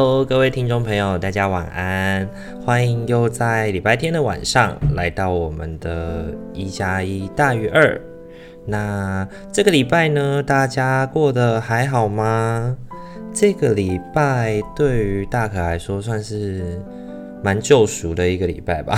Hello，各位聽眾朋友，大家晚安！歡迎又在禮拜天的晚上來到我們的“一加一大於二”。那這個禮拜呢，大家過得還好嗎？這個禮拜對於大可來說算是蠻救贖的一個禮拜吧，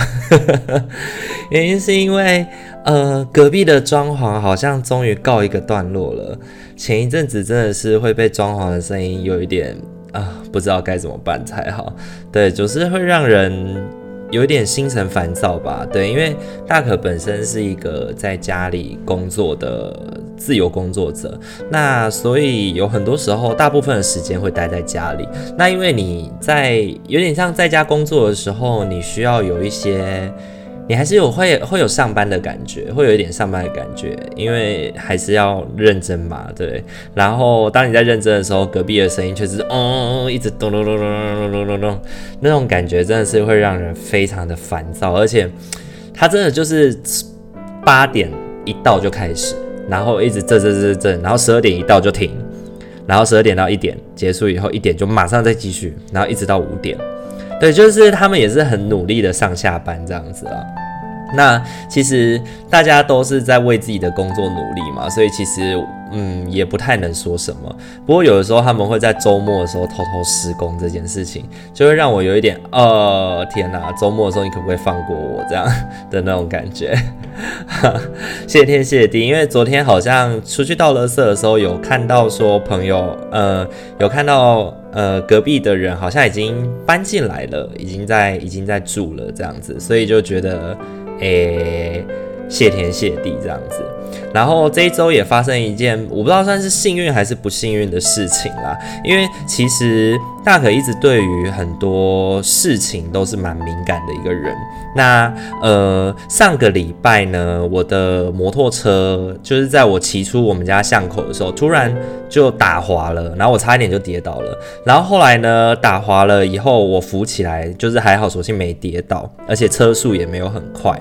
原因是因為呃，隔壁的裝潢好像終於告一個段落了。前一陣子真的是會被裝潢的聲音有一點。啊、呃，不知道該怎麼辦才好，對，總、就是會讓人有點心神煩躁吧？對，因為大可本身是一個在家裡工作的自由工作者，那所以有很多時候，大部分的時間會待在家裡。那因為你在有點像在家工作的時候，你需要有一些。你還是有會會有上班的感覺，會有一點上班的感覺，因為還是要認真嘛，對。然後當你在認真的時候，隔壁的聲音確實，嗯、哦，一直咚咚咚咚咚咚咚咚，那種感覺真的是會讓人非常的煩躁，而且它真的就是八點一到就開始，然後一直這這這這，然後十二點一到就停，然後十二點到一點結束以後一點就馬上再繼續，然後一直到五點。對，就是他們也是很努力的上下班這樣子啊。那其實大家都是在為自己的工作努力嘛，所以其實嗯也不太能說什麼。不過有的時候他們會在周末的時候偷偷施工這件事情，就會讓我有一點呃天哪、啊，周末的時候你可不可以放過我這樣的那種感覺。哈，謝天謝地，因為昨天好像出去倒垃圾的時候有看到說朋友，嗯、呃，有看到。呃，隔壁的人好像已經搬進來了，已經在，已經在住了這樣子，所以就覺得，誒，謝天謝地這樣子。然後這一周也發生一件我不知道算是幸運還是不幸運的事情啦，因為其實大可一直對於很多事情都是蠻敏感的一個人。那呃上個禮拜呢，我的摩托車就是在我騎出我們家巷口的時候，突然就打滑了，然後我差一點就跌倒了。然後後來呢，打滑了以後我扶起來，就是還好，所幸沒跌倒，而且車速也沒有很快。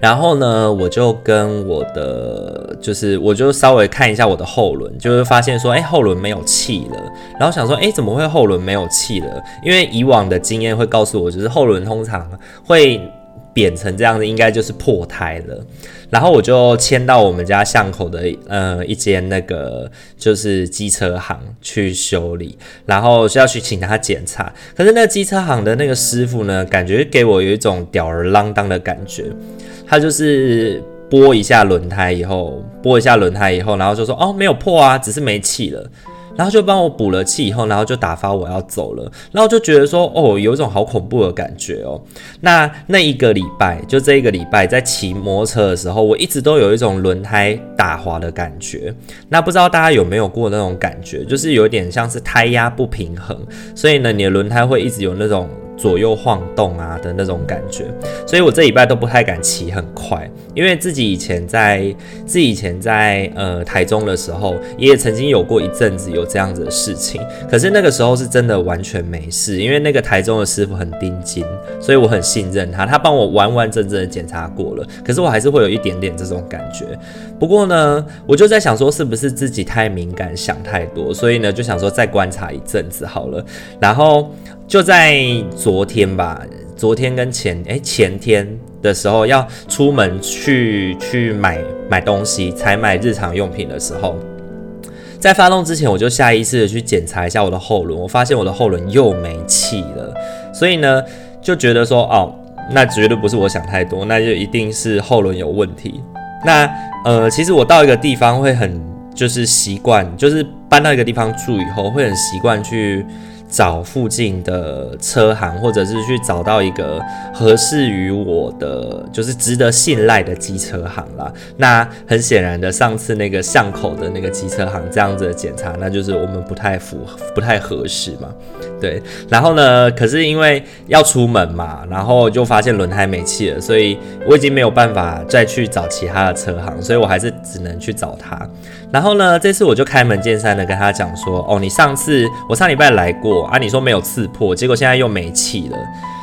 然後呢，我就跟我的，就是我就稍微看一下我的後輪，就會發現說，哎、欸，後輪沒有氣了。然後想說，哎、欸，怎麼會後輪沒有氣了？因為以往的經驗會告訴我，就是後輪通常會扁成這樣子，應該就是破胎了。然後我就牽到我們家巷口的嗯、呃、一間那個就是機車行去修理，然後是要去請他檢查。可是那個機車行的那個師傅呢，感覺給我有一種吊兒郎當的感覺。他就是撥一下輪胎以後，撥一下輪胎以後，然後就說：“哦，沒有破啊，只是沒氣了。”然後就幫我補了氣以後，然後就打發我要走了，然後就覺得說哦，有一種好恐怖的感覺哦。那那一個禮拜，就這一個禮拜，在騎摩托車的時候，我一直都有一種輪胎打滑的感覺。那不知道大家有沒有過那種感覺，就是有一點像是胎壓不平衡，所以呢，你的輪胎會一直有那種。左右晃動啊的那種感覺，所以我這禮拜都不太敢騎很快，因為自己以前在自己以前在呃台中的時候，也曾經有過一陣子有這樣子的事情。可是那個時候是真的完全沒事，因為那個台中的師傅很盯緊，所以我很信任他，他幫我完完整整的檢查過了。可是我還是會有一點點這種感覺。不過呢，我就在想說，是不是自己太敏感，想太多，所以呢，就想說再觀察一陣子好了，然後。就在昨天吧，昨天跟前誒、欸，前天的時候要出門去去買買東西，採買日常用品的時候，在發動之前我就下意識的去檢查一下我的後輪，我發現我的後輪又沒氣了，所以呢就覺得說哦，那絕對不是我想太多，那就一定是後輪有問題。那呃其實我到一個地方會很就是習慣，就是搬到一個地方住以後會很習慣去。找附近的車行，或者是去找到一個合適於我的，就是值得信賴的機車行啦。那很顯然的，上次那個巷口的那個機車行這樣子的檢查，那就是我們不太符，不太合適嘛。對，然後呢，可是因為要出門嘛，然後就發現輪胎沒氣了，所以我已經沒有辦法再去找其他的車行，所以我還是只能去找他。然後呢，這次我就開門見山的跟他講說，哦，你上次我上禮拜來過。啊，你說沒有刺破，結果現在又沒氣了。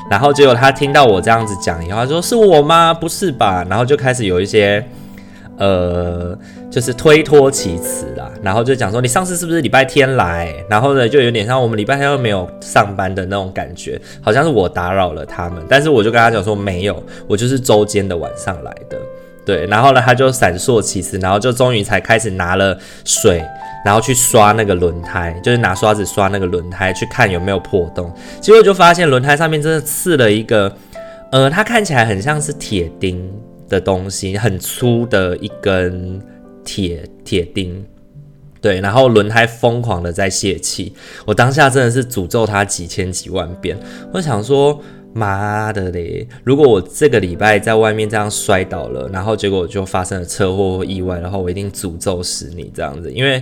然後結果他聽到我這樣子講以後，他說是我嗎？不是吧？然後就開始有一些，呃，就是推脫其詞啦。然後就講說，你上次是不是禮拜天來？然後呢，就有點像我們禮拜天又沒有上班的那種感覺，好像是我打擾了他們。但是我就跟他講說，沒有，我就是周間的晚上來的。對，然後呢，他就閃爍其詞，然後就終於才開始拿了水，然後去刷那個輪胎，就是拿刷子刷那個輪胎，去看有沒有破洞。結果就發現輪胎上面真的刺了一個，呃，它看起來很像是鐵釘的東西，很粗的一根鐵鐵釘。對，然後輪胎瘋狂的在洩氣。我當下真的是詛咒它幾千幾萬遍，我想說。媽的嘞！如果我這個禮拜在外面這樣摔倒了，然後結果就發生了車禍或意外，然後我一定詛咒死你這樣子，因為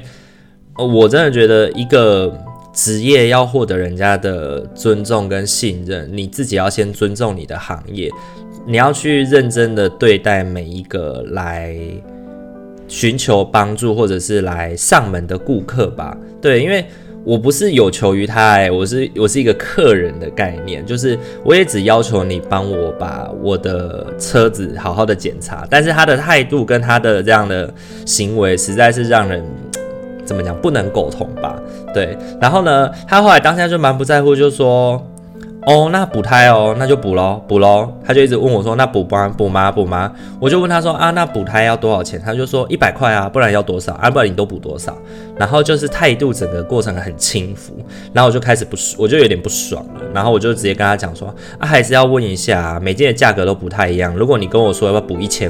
我真的覺得一個職業要獲得人家的尊重跟信任，你自己要先尊重你的行業，你要去認真的對待每一個來尋求幫助或者是來上門的顧客吧。對，因為。我不是有求於他。哎、欸，我是我是一個客人的概念，就是我也只要求你幫我把我的車子好好的檢查，但是他的態度跟他的這樣的行為實在是讓人怎麼講，不能苟同吧？對，然後呢，他後來當下就蠻不在乎，就是說。哦，那補胎哦，那就補咯。補咯，他就一直問我說，那補嗎？補嗎？補嗎？我就問他說啊，那補胎要多少錢？他就說一百塊啊，不然要多少啊？不然你都補多少？然後就是態度，整個過程很輕浮。然後我就開始不，我就有點不爽了。然後我就直接跟他講說，啊，還是要問一下啊，每件的價格都不太一樣。如果你跟我說要補一千，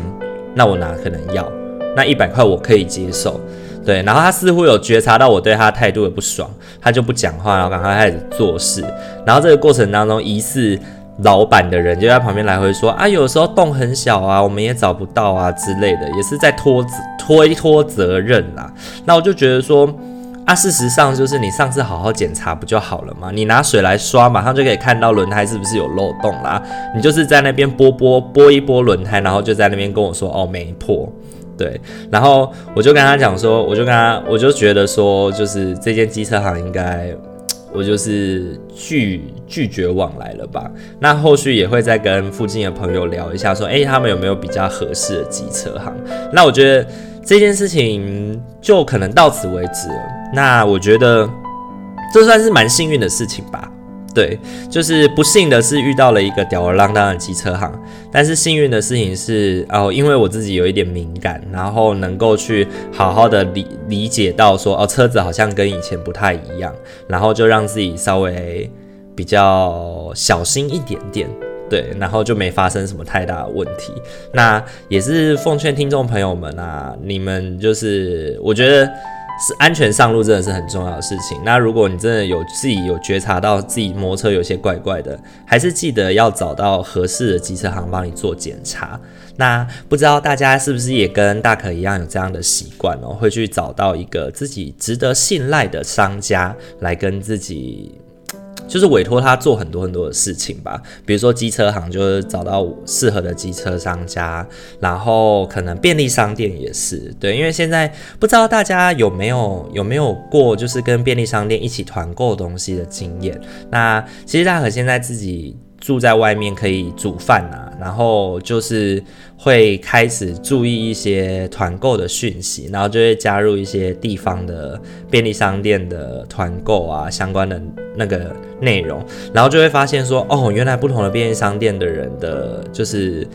那我哪可能要？那一百塊我可以接受。對，然後他似乎有覺察到我對他態度的不爽，他就不講話，然後趕快開始做事。然後這個過程當中，疑似老闆的人就在旁邊來回說啊，有時候洞很小啊，我們也找不到啊之類的，也是在拖、推、拖責任啦、啊。那我就覺得說，啊，事實上就是你上次好好檢查不就好了嗎？你拿水來刷，馬上就可以看到輪胎是不是有漏洞啦、啊。你就是在那邊撥撥撥一撥輪胎，然後就在那邊跟我說，哦，沒破。對，然後我就跟他講說，我就跟他，我就覺得說，就是這間機車行應該，我就是拒拒絕往來了吧。那後續也會再跟附近的朋友聊一下，說，哎，他們有沒有比較合適的機車行？那我覺得這件事情就可能到此為止了。那我覺得這算是蠻幸運的事情吧。對，就是不幸的是遇到了一個吊兒郎當的機車行，但是幸運的事情是哦，因為我自己有一點敏感，然後能夠去好好的理理解到說哦，車子好像跟以前不太一樣，然後就讓自己稍微比較小心一點點，對，然後就沒發生什麼太大的問題。那也是奉勸聽眾朋友們啊，你們就是我覺得。是安全上路真的是很重要的事情。那如果你真的有自己有覺察到自己摩托車有些怪怪的，還是記得要找到合適的機車行幫你做檢查。那不知道大家是不是也跟大可一樣有這樣的習慣哦，會去找到一個自己值得信賴的商家來跟自己。就是委託他做很多很多的事情吧，比如說機車行就是找到適合的機車商家，然後可能便利商店也是，對，因為現在不知道大家有沒有有沒有過就是跟便利商店一起團購東西的經驗？那其實大可現在自己住在外面可以煮飯吶、啊。然後就是會開始注意一些團購的訊息，然後就會加入一些地方的便利商店的團購啊，相關的那個內容，然後就會發現說，哦，原來不同的便利商店的人的，就是。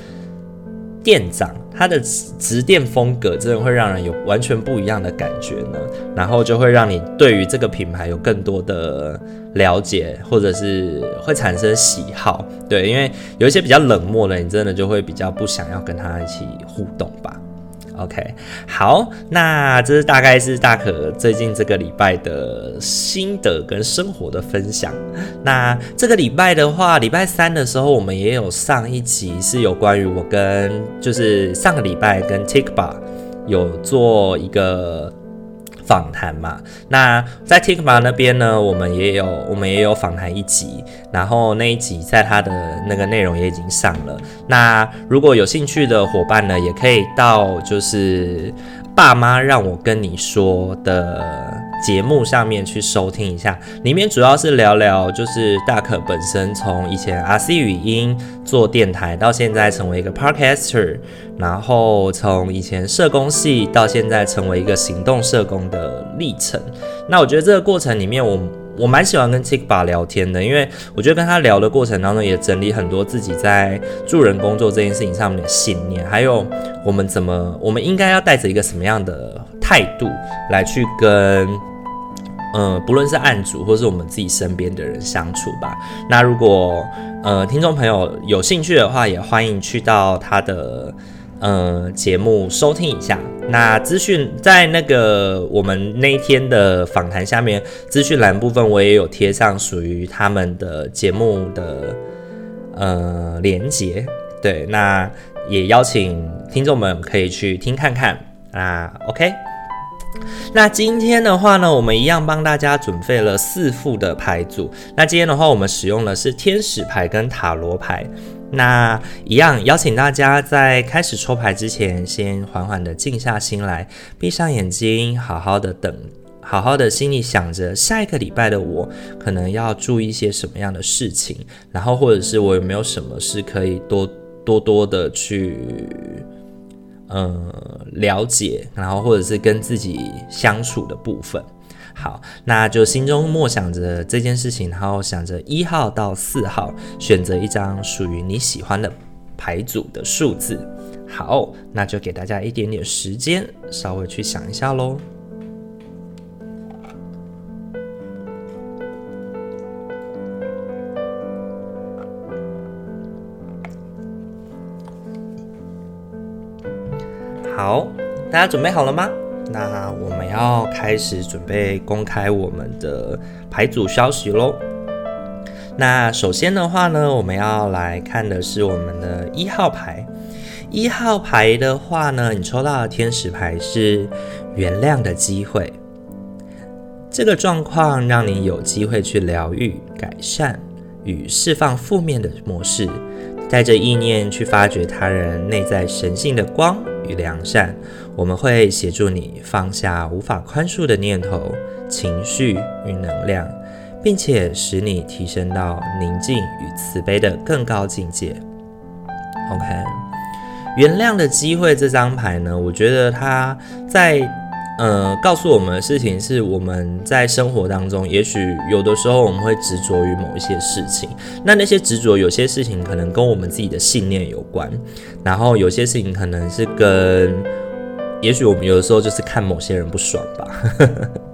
店長他的直店風格真的會讓人有完全不一樣的感覺呢，然後就會讓你對於這個品牌有更多的了解，或者是會產生喜好。對，因為有一些比較冷漠的，你真的就會比較不想要跟他一起互動吧。OK，好，那這是大概是大可最近這個禮拜的心得跟生活的分享。那這個禮拜的話，禮拜三的時候，我們也有上一集是有關於我跟就是上個禮拜跟 Tikba 有做一個。訪談嘛，那在 TikTok 那邊呢，我們也有，我們也有訪談一集，然後那一集在他的那個內容也已經上了。那如果有興趣的夥伴呢，也可以到就是爸媽讓我跟你說的。節目上面去收聽一下，裡面主要是聊聊，就是大可本身從以前 RC 語音做電台，到現在成為一個 podcaster，然後從以前社工系到現在成為一個行動社工的歷程。那我覺得這個過程裡面我，我我蠻喜歡跟 Tikba 聊天的，因為我覺得跟他聊的過程當中，也整理很多自己在助人工作這件事情上面的信念，還有我們怎麼，我們應該要帶着一個什麼樣的。態度來去跟，嗯、呃，不論是案主或是我們自己身邊的人相處吧。那如果呃聽眾朋友有興趣的話，也歡迎去到他的嗯，節目收聽一下。那資訊在那個我們那天的訪談下面資訊欄部分，我也有貼上屬於他們的節目的呃連結。對，那也邀請聽眾們可以去聽看看。那 OK。那今天的話呢，我們一樣幫大家準備了四副的牌組。那今天的話，我們使用的是天使牌跟塔羅牌。那一樣，邀請大家在開始抽牌之前，先緩緩的靜下心來，閉上眼睛，好好的等，好好的心裡想着下一個禮拜的我可能要注意一些什麼樣的事情，然後或者是我有沒有什麼事可以多多多的去。呃、嗯，了解，然後或者是跟自己相處的部分。好，那就心中默想着這件事情，然後想着一號到四號選擇一張屬於你喜歡的牌組的數字。好，那就給大家一點點時間，稍微去想一下嘍。好，大家準備好了嗎？那我們要開始準備公開我們的牌組消息嘍。那首先的話呢，我們要來看的是我們的一號牌。一號牌的話呢，你抽到的天使牌是原諒的機會。這個狀況讓你有機會去療癒、改善與釋放負面的模式，帶着意念去發掘他人內在神性的光。與良善，我們會協助你放下無法寬恕的念頭、情緒與能量，並且使你提升到寧靜與慈悲的更高境界。OK，原諒的機會這張牌呢，我覺得它在。呃，告訴我們的事情是我們在生活當中，也許有的時候我們會執着於某一些事情，那那些執着，有些事情可能跟我們自己的信念有關，然後有些事情可能是跟，也許我們有的時候就是看某些人不爽吧。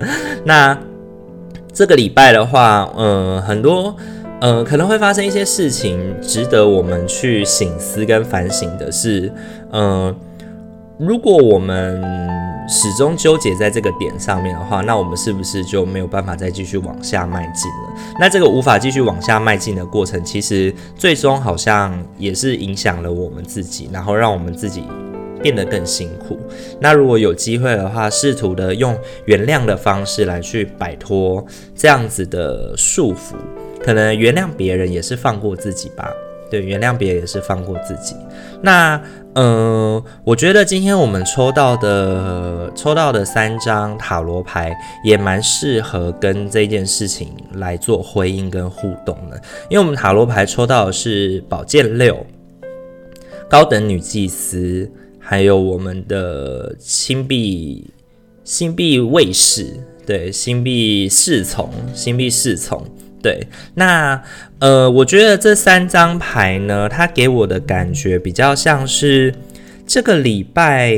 那這個禮拜的話，嗯、呃，很多，嗯、呃，可能會發生一些事情，值得我們去省思跟反省的是，嗯、呃。如果我們始終糾結在這個點上面的話，那我們是不是就沒有辦法再繼續往下邁進了？那這個無法繼續往下邁進的過程，其實最終好像也是影響了我們自己，然後讓我們自己變得更辛苦。那如果有機會的話，試圖的用原諒的方式來去擺脫這樣子的束縛，可能原諒別人也是放過自己吧。對，原諒別人也是放過自己。那，嗯，我覺得今天我們抽到的抽到的三張塔羅牌也蠻適合跟這件事情來做回應跟互動的，因為我們塔羅牌抽到的是寶劍六、高等女祭司，還有我們的星幣星幣衛士，對，星幣侍從，星幣侍從。對，那呃，我覺得這三張牌呢，它給我的感覺比較像是這個禮拜，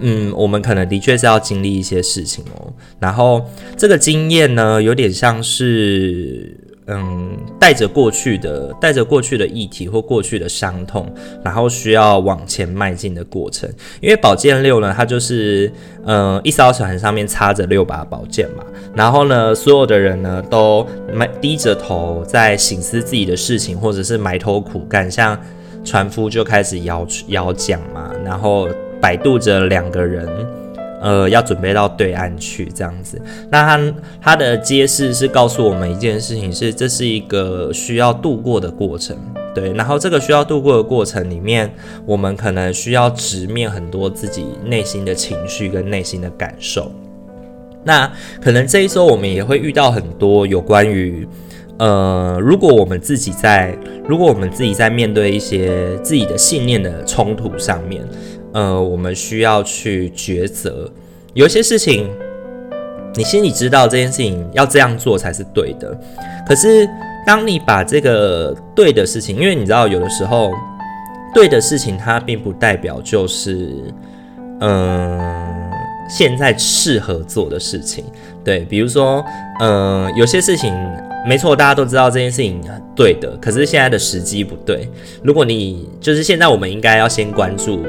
嗯，我們可能的確是要經歷一些事情哦。然後這個經驗呢，有點像是。嗯，帶着過去的，帶着過去的議題或過去的傷痛，然後需要往前邁進的過程。因為寶劍六呢，它就是嗯，一艘船上面插着六把寶劍嘛，然後呢，所有的人呢都埋低着頭在省思自己的事情，或者是埋頭苦幹。像船夫就開始搖搖槳嘛，然後擺渡着兩個人。呃，要準備到對岸去這樣子。那他他的揭示是告訴我們一件事情，是這是一個需要度過的過程，對。然後這個需要度過的過程裡面，我們可能需要直面很多自己內心的情緒跟內心的感受。那可能這一周我們也會遇到很多有關於，呃，如果我們自己在，如果我們自己在面對一些自己的信念的衝突上面。呃，我們需要去抉擇。有些事情，你心裡知道這件事情要這樣做才是對的。可是，當你把這個對的事情，因為你知道有的時候，對的事情它並不代表就是，嗯、呃，現在適合做的事情。對，比如說，嗯、呃，有些事情沒錯，大家都知道這件事情對的，可是現在的時機不對。如果你就是現在，我們應該要先關注。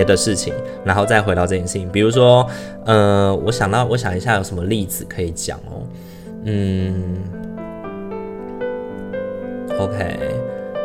別的事情，然後再回到這件事情。比如說，呃，我想到，我想一下有什麼例子可以講哦。嗯，OK，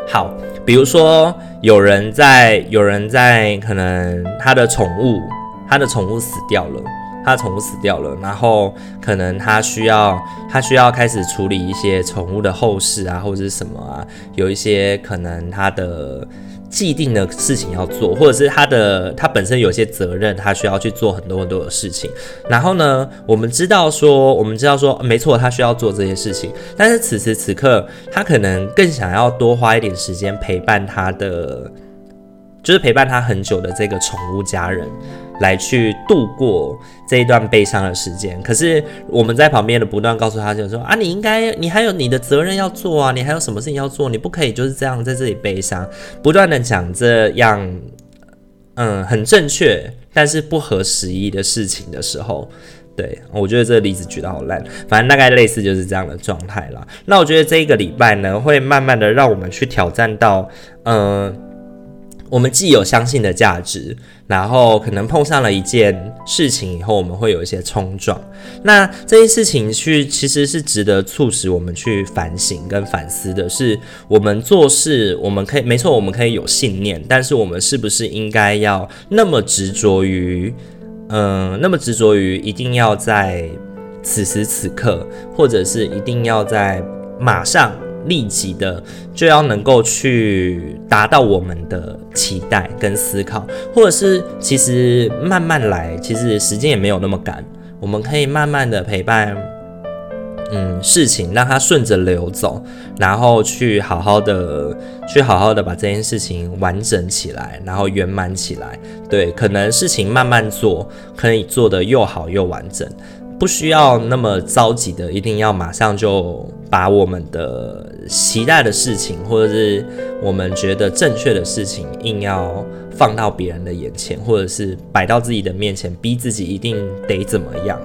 好，比如說有人在，有人在，可能他的寵物，他的寵物死掉了，他的寵物死掉了，然後可能他需要，他需要開始處理一些寵物的後事啊，或者是什麼啊，有一些可能他的。既定的事情要做，或者是他的他本身有些責任，他需要去做很多很多的事情。然後呢，我們知道說，我們知道說，沒錯，他需要做這些事情。但是此時此刻，他可能更想要多花一點時間陪伴他的，就是陪伴他很久的這個寵物家人，來去度過這一段悲傷的時間，可是我們在旁邊的不斷告訴他，就是說啊，你應該，你還有你的責任要做啊，你還有什麼事情要做，你不可以就是這樣在這裡悲傷，不斷的講這樣，嗯，很正確，但是不合時宜的事情的時候，對，我覺得這個例子舉得好爛，反正大概類似就是這樣的狀態啦。那我覺得這一個禮拜呢，會慢慢的讓我們去挑戰到，嗯。我們既有相信的價值，然後可能碰上了一件事情以後，我們會有一些衝撞。那這些事情去其實是值得促使我們去反省跟反思的是。是我們做事，我們可以沒錯，我們可以有信念，但是我們是不是應該要那麼執着於，嗯、呃，那麼執着於一定要在此時此刻，或者是一定要在馬上？立即的就要能夠去達到我們的期待跟思考，或者是其實慢慢來，其實時間也沒有那麼趕，我們可以慢慢的陪伴，嗯，事情讓它順着流走，然後去好好的去好好的把這件事情完整起來，然後圓滿起來。對，可能事情慢慢做，可以做得又好又完整。不需要那麼着急的，一定要馬上就把我們的期待的事情，或者是我們覺得正確的事情，硬要放到別人的眼前，或者是擺到自己的面前，逼自己一定得怎麼樣？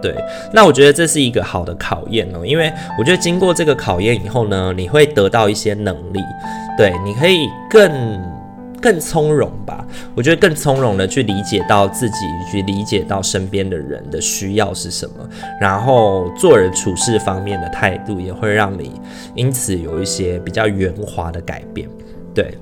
對，那我覺得這是一個好的考驗哦，因為我覺得經過這個考驗以後呢，你會得到一些能力，對，你可以更。更從容吧，我覺得更從容的去理解到自己，去理解到身邊的人的需要是什麼，然後做人處事方面的態度也會讓你因此有一些比較圓滑的改變。對，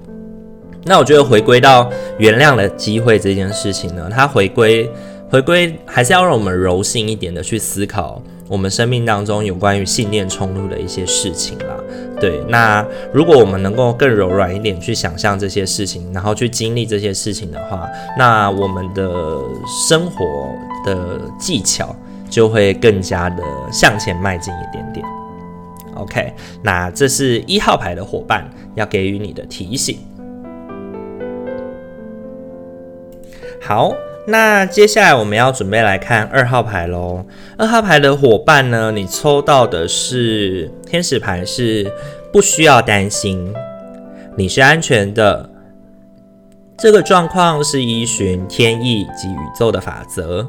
那我覺得回歸到原諒的機會這件事情呢，它回歸回歸還是要讓我們柔性一點的去思考。我們生命當中有關於信念衝突的一些事情啦，對。那如果我們能夠更柔軟一點去想象這些事情，然後去經歷這些事情的話，那我們的生活的技巧就會更加的向前邁進一點點。OK，那這是一號牌的夥伴要給予你的提醒。好。那接下來我們要準備來看二號牌嘍。二號牌的伙伴呢，你抽到的是天使牌，是不需要擔心，你是安全的。這個狀況是依循天意及宇宙的法則，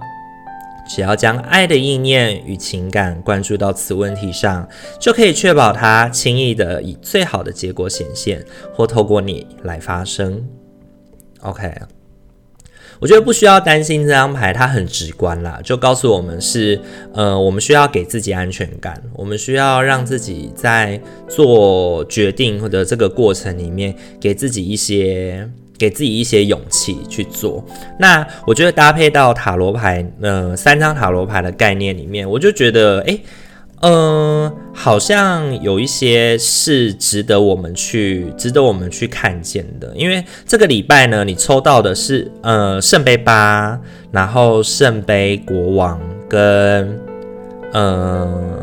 只要將愛的意念與情感關注到此問題上，就可以確保它輕易的以最好的結果顯現，或透過你來發生。OK。我覺得不需要擔心這張牌，它很直觀啦，就告訴我們是，呃，我們需要給自己安全感，我們需要讓自己在做決定的這個過程裡面，給自己一些，給自己一些勇氣去做。那我覺得搭配到塔羅牌，呃，三張塔羅牌的概念裡面，我就覺得，誒、欸。嗯、呃，好像有一些是值得我們去值得我們去看見的。因為這個禮拜呢，你抽到的是呃聖杯八，然後聖杯國王跟呃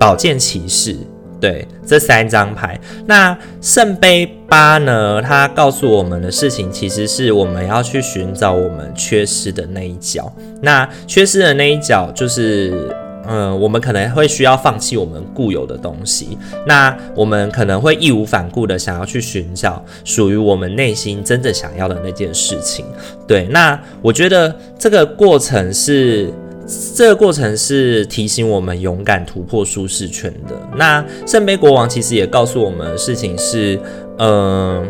寶劍騎士，對這三張牌。那聖杯八呢，它告訴我們的事情，其實是我們要去尋找我們缺失的那一角。那缺失的那一角就是。嗯，我們可能會需要放棄我們固有的東西，那我們可能會義無反顧的想要去尋找屬於我們內心真正想要的那件事情。對，那我覺得這個過程是，這個過程是提醒我們勇敢突破舒適圈的。那聖杯國王其實也告訴我們的事情是，嗯。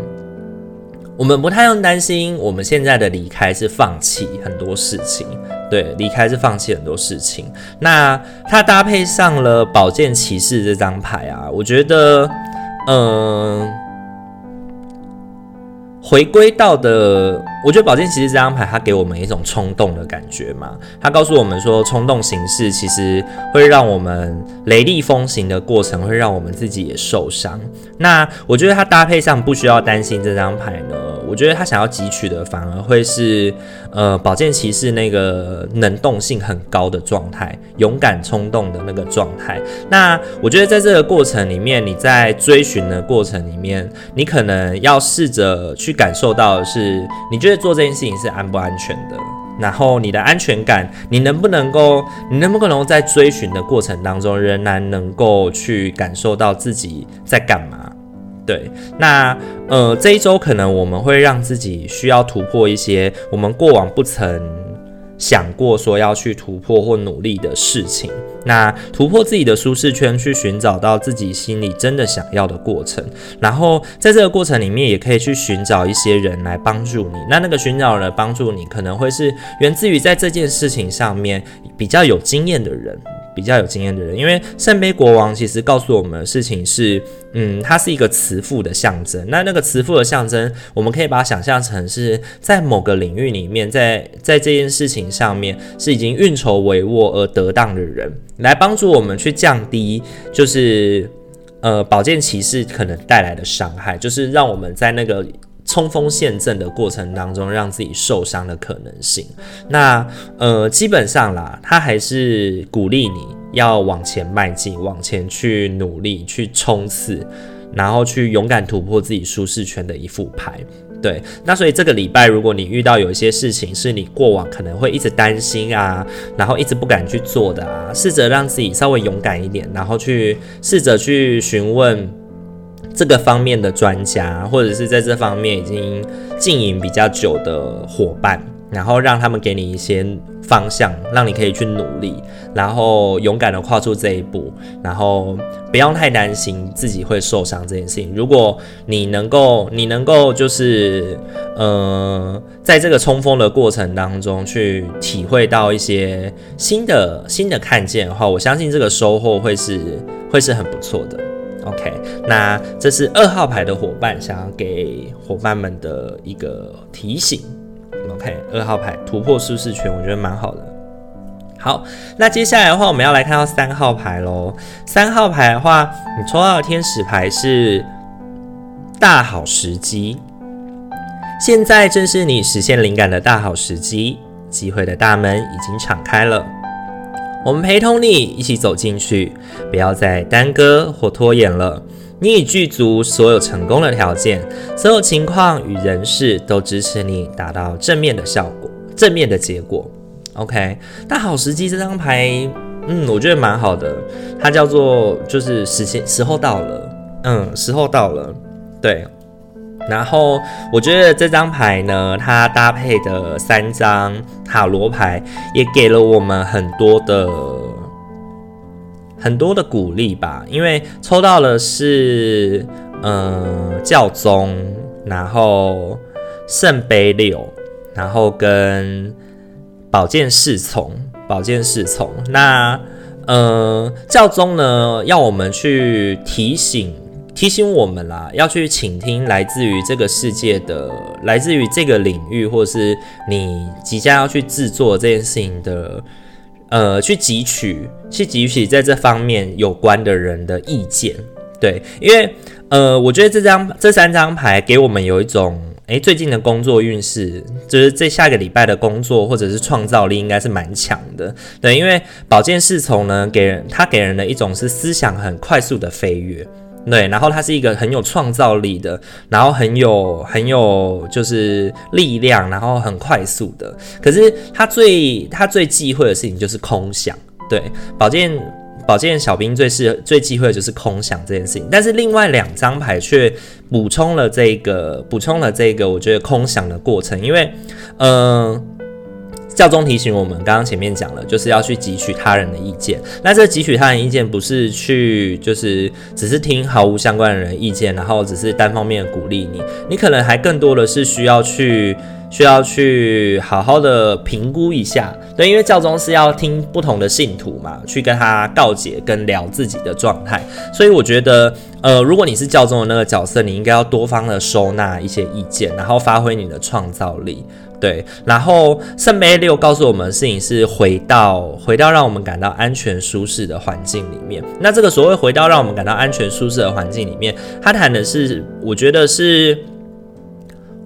我們不太用擔心，我們現在的離開是放棄很多事情，對，離開是放棄很多事情。那它搭配上了寶劍騎士這張牌啊，我覺得，嗯、呃。回歸到的，我覺得寶劍騎士這張牌它給我們一種衝動的感覺嘛，它告訴我們說衝動行事其實會讓我們雷厲風行的過程會讓我們自己也受傷。那我覺得它搭配上不需要擔心這張牌呢。我覺得他想要汲取的反而會是，呃，寶劍騎士那個能動性很高的狀態，勇敢衝動的那個狀態。那我覺得在這個過程裡面，你在追尋的過程裡面，你可能要試着去感受到的是，你覺得做這件事情是安不安全的？然後你的安全感，你能不能夠，你能不能夠在追尋的過程當中，仍然能夠去感受到自己在幹嘛？對，那呃，這一周可能我們會讓自己需要突破一些我們過往不曾想過說要去突破或努力的事情。那突破自己的舒適圈，去尋找到自己心裡真的想要的過程。然後在這個過程裡面，也可以去尋找一些人來幫助你。那那個尋找人幫助你，可能會是源自於在這件事情上面比較有經驗的人。比較有經驗的人，因為聖杯國王其實告訴我們的事情是，嗯，他是一個慈父的象徵。那那個慈父的象徵，我們可以把它想象成是在某個領域裡面，在在這件事情上面是已經運籌帷幄而得當的人，來幫助我們去降低，就是呃，寶劍騎士可能帶來的傷害，就是讓我們在那個。衝鋒陷陣的過程當中，讓自己受傷的可能性。那呃，基本上啦，他還是鼓勵你要往前邁進，往前去努力，去衝刺，然後去勇敢突破自己舒適圈的一副牌。對，那所以這個禮拜，如果你遇到有一些事情是你過往可能會一直擔心啊，然後一直不敢去做的啊，試着讓自己稍微勇敢一點，然後去試着去詢問。這個方面的專家，或者是在這方面已經經營比較久的夥伴，然後讓他們給你一些方向，讓你可以去努力，然後勇敢的跨出這一步，然後不用太擔心自己會受傷這件事情。如果你能夠，你能夠就是呃，在這個衝鋒的過程當中去體會到一些新的新的看見的話，我相信這個收穫會是會是很不錯的。OK，那這是二號牌的夥伴想要給夥伴們的一個提醒。OK，二號牌突破舒適圈，我覺得蠻好的。好，那接下來的話，我們要來看到三號牌嘍。三號牌的話，你抽到的天使牌是大好時機，現在正是你實現靈感的大好時機，機會的大門已經敞開了。我們陪同你一起走進去，不要再耽擱或拖延了。你已具足所有成功的條件，所有情況與人事都支持你達到正面的效果、正面的結果。OK，但好時機這張牌，嗯，我覺得蠻好的。它叫做就是時間，時候到了，嗯，時候到了，對。然後我覺得這張牌呢，它搭配的三張塔羅牌也給了我們很多的很多的鼓勵吧，因為抽到的是嗯、呃、教宗，然後聖杯六，然後跟寶劍侍從，寶劍侍從。那嗯、呃、教宗呢，要我們去提醒，提醒我們啦、啊，要去傾聽來自於這個世界的，來自於這個領域，或者是你即將要去製作這件事情的，呃，去汲取，去汲取在這方面有關的人的意見。對，因為呃，我覺得這張這三張牌給我們有一種，誒、欸，最近的工作運勢，就是這下個禮拜的工作或者是創造力應該是蠻強的。對，因為寶劍侍從呢，給人他給人的一種是思想很快速的飛躍。對，然後他是一個很有創造力的，然後很有很有就是力量，然後很快速的。可是他最他最忌諱的事情就是空想。對，寶劍寶劍小兵最是最忌諱的就是空想這件事情。但是另外兩張牌卻補充了這個補充了這個，我覺得空想的過程，因為嗯。呃教宗提醒我們，剛剛前面講了，就是要去汲取他人的意見。那這汲取他人意見，不是去就是只是聽毫無相關的人意見，然後只是單方面鼓勵你。你可能還更多的是需要去需要去好好的評估一下，對，因為教宗是要聽不同的信徒嘛，去跟他告解跟聊自己的狀態。所以我覺得，呃，如果你是教宗的那個角色，你應該要多方的收納一些意見，然後發揮你的創造力。對，然後聖杯六告訴我們的事情是回到回到讓我們感到安全舒適的環境裡面。那這個所謂回到讓我們感到安全舒適的環境裡面，他談的是，我覺得是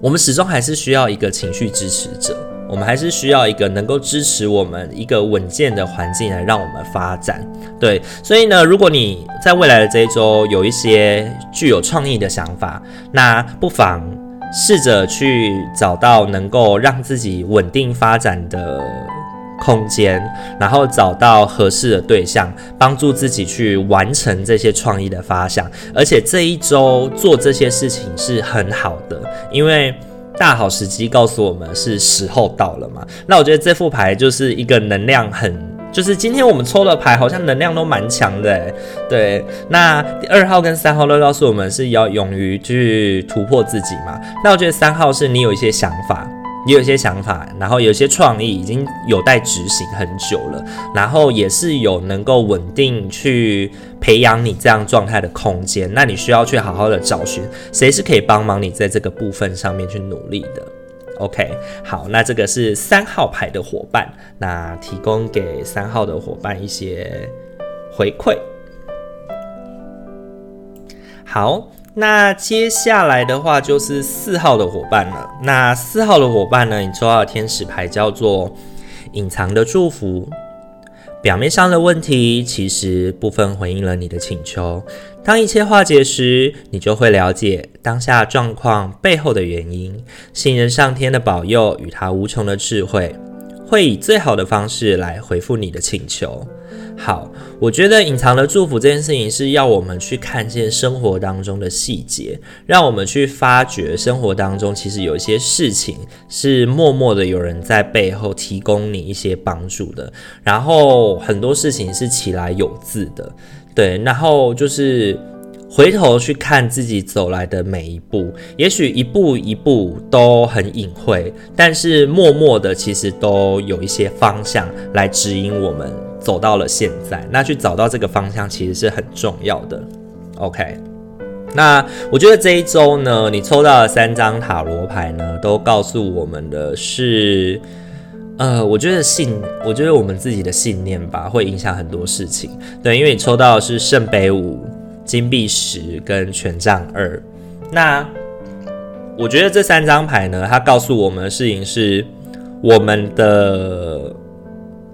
我們始終還是需要一個情緒支持者，我們還是需要一個能夠支持我們一個穩健的環境來讓我們發展。對，所以呢，如果你在未來的這一周有一些具有創意的想法，那不妨。試着去找到能夠讓自己穩定發展的空間，然後找到合適的對象，幫助自己去完成這些創意的發想。而且這一周做這些事情是很好的，因為大好時機告訴我們是時候到了嘛。那我覺得這副牌就是一個能量很。就是今天我們抽了牌好像能量都蠻強的欸，對。那第二號跟三號都告訴我們是要勇於去突破自己嘛。那我覺得三號是你有一些想法，你有一些想法，然後有一些創意已經有待執行很久了，然後也是有能夠穩定去培養你這樣狀態的空間。那你需要去好好的找尋誰是可以幫忙你在這個部分上面去努力的。OK，好，那這個是三號牌的夥伴，那提供給三號的夥伴一些回饋。好，那接下來的話就是四號的夥伴了。那四號的夥伴呢，你抽到的天使牌，叫做隱藏的祝福。表面上的問題，其實部分回應了你的請求。當一切化解時，你就會了解當下狀況背後的原因。信任上天的保佑與他無窮的智慧，會以最好的方式來回復你的請求。好，我覺得隱藏的祝福這件事情是要我們去看見生活當中的細節，讓我們去發覺生活當中其實有一些事情是默默的有人在背後提供你一些幫助的，然後很多事情是起來有字的，對，然後就是回頭去看自己走來的每一步，也許一步一步都很隱晦，但是默默的其實都有一些方向來指引我們。走到了現在，那去找到這個方向其實是很重要的。OK，那我覺得這一週呢，你抽到的三張塔羅牌呢，都告訴我們的是，呃，我覺得信，我覺得我們自己的信念吧，會影響很多事情。對，因為你抽到的是聖杯五、金幣十跟權杖二。那我覺得這三張牌呢，它告訴我們的事情是我們的。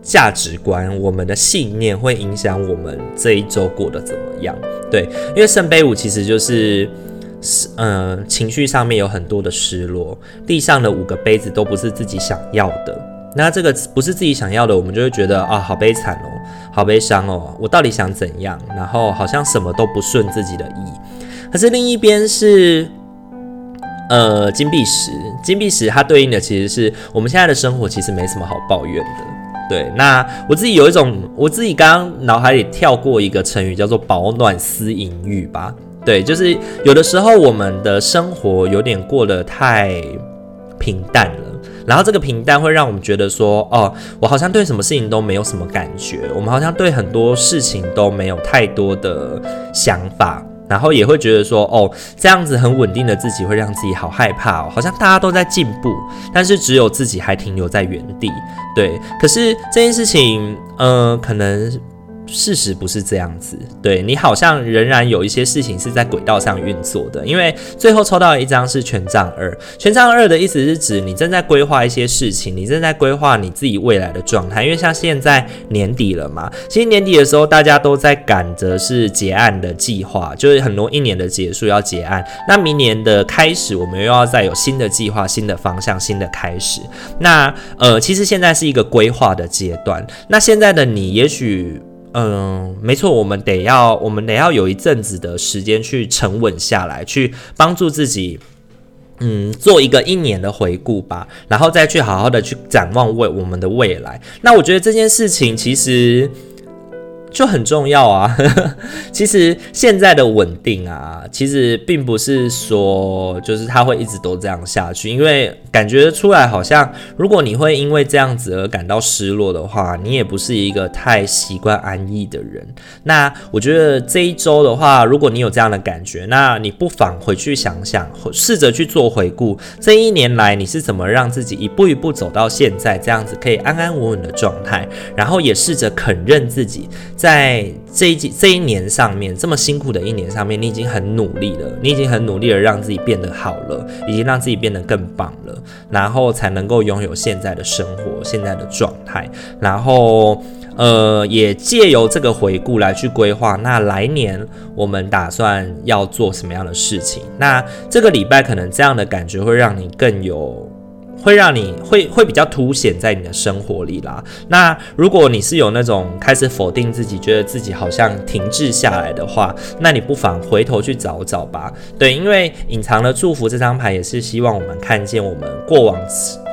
價值觀，我們的信念會影響我們這一周過得怎麼樣？對，因為聖杯五其實就是，呃，情緒上面有很多的失落。地上的五個杯子都不是自己想要的，那這個不是自己想要的，我們就會覺得啊，好悲慘哦，好悲傷哦，我到底想怎樣？然後好像什麼都不順自己的意。可是另一邊是，呃，金幣十，金幣十它對應的其實是我們現在的生活，其實沒什麼好抱怨的。對，那我自己有一種，我自己剛剛腦海裡跳過一個成語，叫做“飽暖思淫慾”吧。對，就是有的時候我們的生活有點過得太平淡了，然後這個平淡會讓我們覺得說，哦，我好像對什麼事情都沒有什麼感覺，我們好像對很多事情都沒有太多的想法。然後也會覺得說，哦，這樣子很穩定的自己會讓自己好害怕哦，好像大家都在進步，但是只有自己還停留在原地。對，可是這件事情，嗯，可能。事實不是這樣子，對，你好像仍然有一些事情是在軌道上運作的。因為最後抽到一張是權杖二，權杖二的意思是指你正在規劃一些事情，你正在規劃你自己未來的狀態。因為像現在年底了嘛，其實年底的時候大家都在趕着是結案的計劃，就是很多一年的結束要結案。那明年的開始，我們又要再有新的計劃、新的方向、新的開始。那呃，其實現在是一個規劃的階段。那現在的你，也許。嗯，沒錯，我們得要，我們得要有一陣子的時間去沉穩下來，去幫助自己，嗯，做一個一年的回顧吧，然後再去好好的去展望未我們的未來。那我覺得這件事情其實。就很重要啊，呵呵，其實現在的穩定啊，其實並不是說就是他會一直都這樣下去，因為感覺出來好像，如果你會因為這樣子而感到失落的話，你也不是一個太習慣安逸的人。那我覺得這一周的話，如果你有這樣的感覺，那你不妨回去想想，試着去做回顧，這一年來你是怎麼讓自己一步一步走到現在這樣子可以安安穩穩的狀態，然後也試着肯認自己在。在這一這一年上面，這麼辛苦的一年上面，你已經很努力了，你已經很努力了，讓自己變得好了，已經讓自己變得更棒了，然後才能夠擁有現在的生活、現在的狀態。然後，呃，也借由這個回顧來去規劃，那來年我們打算要做什麼樣的事情？那這個禮拜可能這樣的感覺會讓你更有。會讓你會會比較凸顯在你的生活裡啦。那如果你是有那種開始否定自己，覺得自己好像停滯下來的話，那你不妨回頭去找找吧。對，因為隱藏的祝福這張牌也是希望我們看見我們過往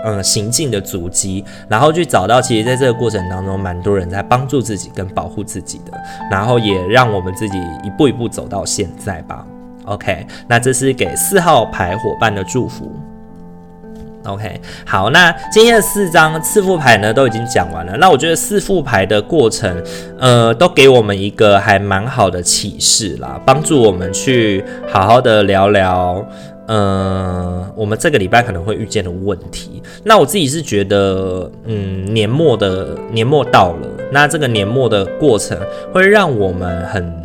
嗯、呃、行進的足跡，然後去找到其實在這個過程當中，蠻多人在幫助自己跟保護自己的，然後也讓我們自己一步一步走到現在吧。OK，那這是給四號牌夥伴的祝福。OK，好，那今天的四張四副牌呢，都已經講完了。那我覺得四副牌的過程，呃，都給我們一個還蠻好的啟示啦，幫助我們去好好的聊聊，呃，我們這個禮拜可能會遇見的問題。那我自己是覺得，嗯，年末的，年末到了，那這個年末的過程會讓我們很。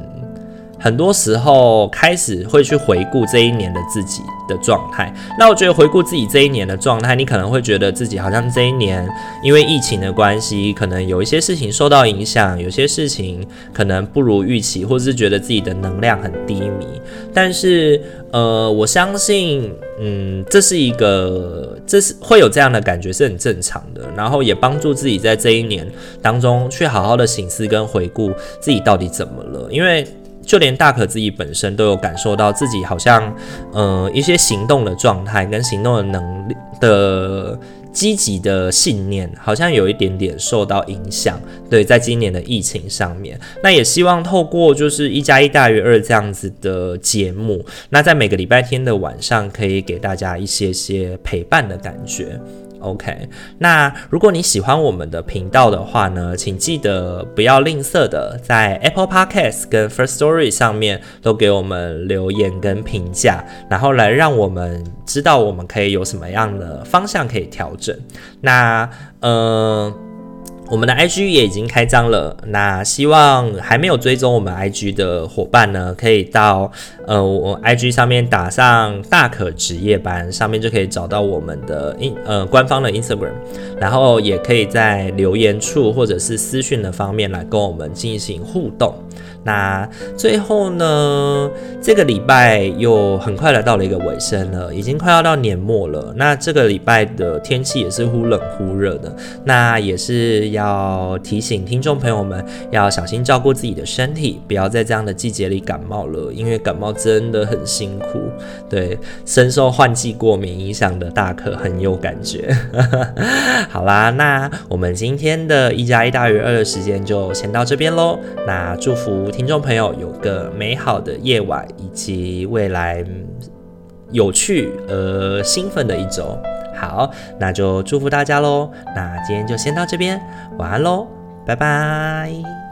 很多時候開始會去回顧這一年的自己的狀態。那我覺得回顧自己這一年的狀態，你可能會覺得自己好像這一年因為疫情的關係，可能有一些事情受到影響，有些事情可能不如預期，或者是覺得自己的能量很低迷。但是，呃，我相信，嗯，這是一個，這是會有這樣的感覺是很正常的。然後也幫助自己在這一年當中去好好的省思跟回顧自己到底怎麼了，因為。就連大可自己本身都有感受到，自己好像，呃、一些行動的狀態跟行動的能力的積極的信念，好像有一點點受到影響。對，在今年的疫情上面，那也希望透過就是一加一大於二這樣子的節目，那在每個禮拜天的晚上，可以給大家一些些陪伴的感覺。OK，那如果你喜歡我們的頻道的話呢，請記得不要吝嗇的在 Apple Podcast 跟 Firstory 上面都給我們留言跟評價，然後來讓我們知道我們可以有什麼樣的方向可以調整。那嗯。呃我們的 IG 也已經開張了，那希望還沒有追蹤我們 IG 的夥伴呢，可以到呃我 IG 上面打上“大可值夜班”，上面就可以找到我們的 in 呃官方的 Instagram，然後也可以在留言處或者是私訊的方面來跟我們進行互動。那最後呢，這個禮拜又很快來到了一個尾聲了，已經快要到年末了。那這個禮拜的天氣也是忽冷忽熱的，那也是要提醒聽眾朋友們要小心照顧自己的身體，不要在這樣的季節裡感冒了，因為感冒真的很辛苦。對，深受換季過敏影響的大可很有感覺。哈哈。好啦，那我們今天的一加一大於二的時間就先到這邊嘍。那祝福。聽眾朋友有個美好的夜晚，以及未來有趣而興奮的一周。好，那就祝福大家嘍。那今天就先到這邊，晚安嘍，拜拜。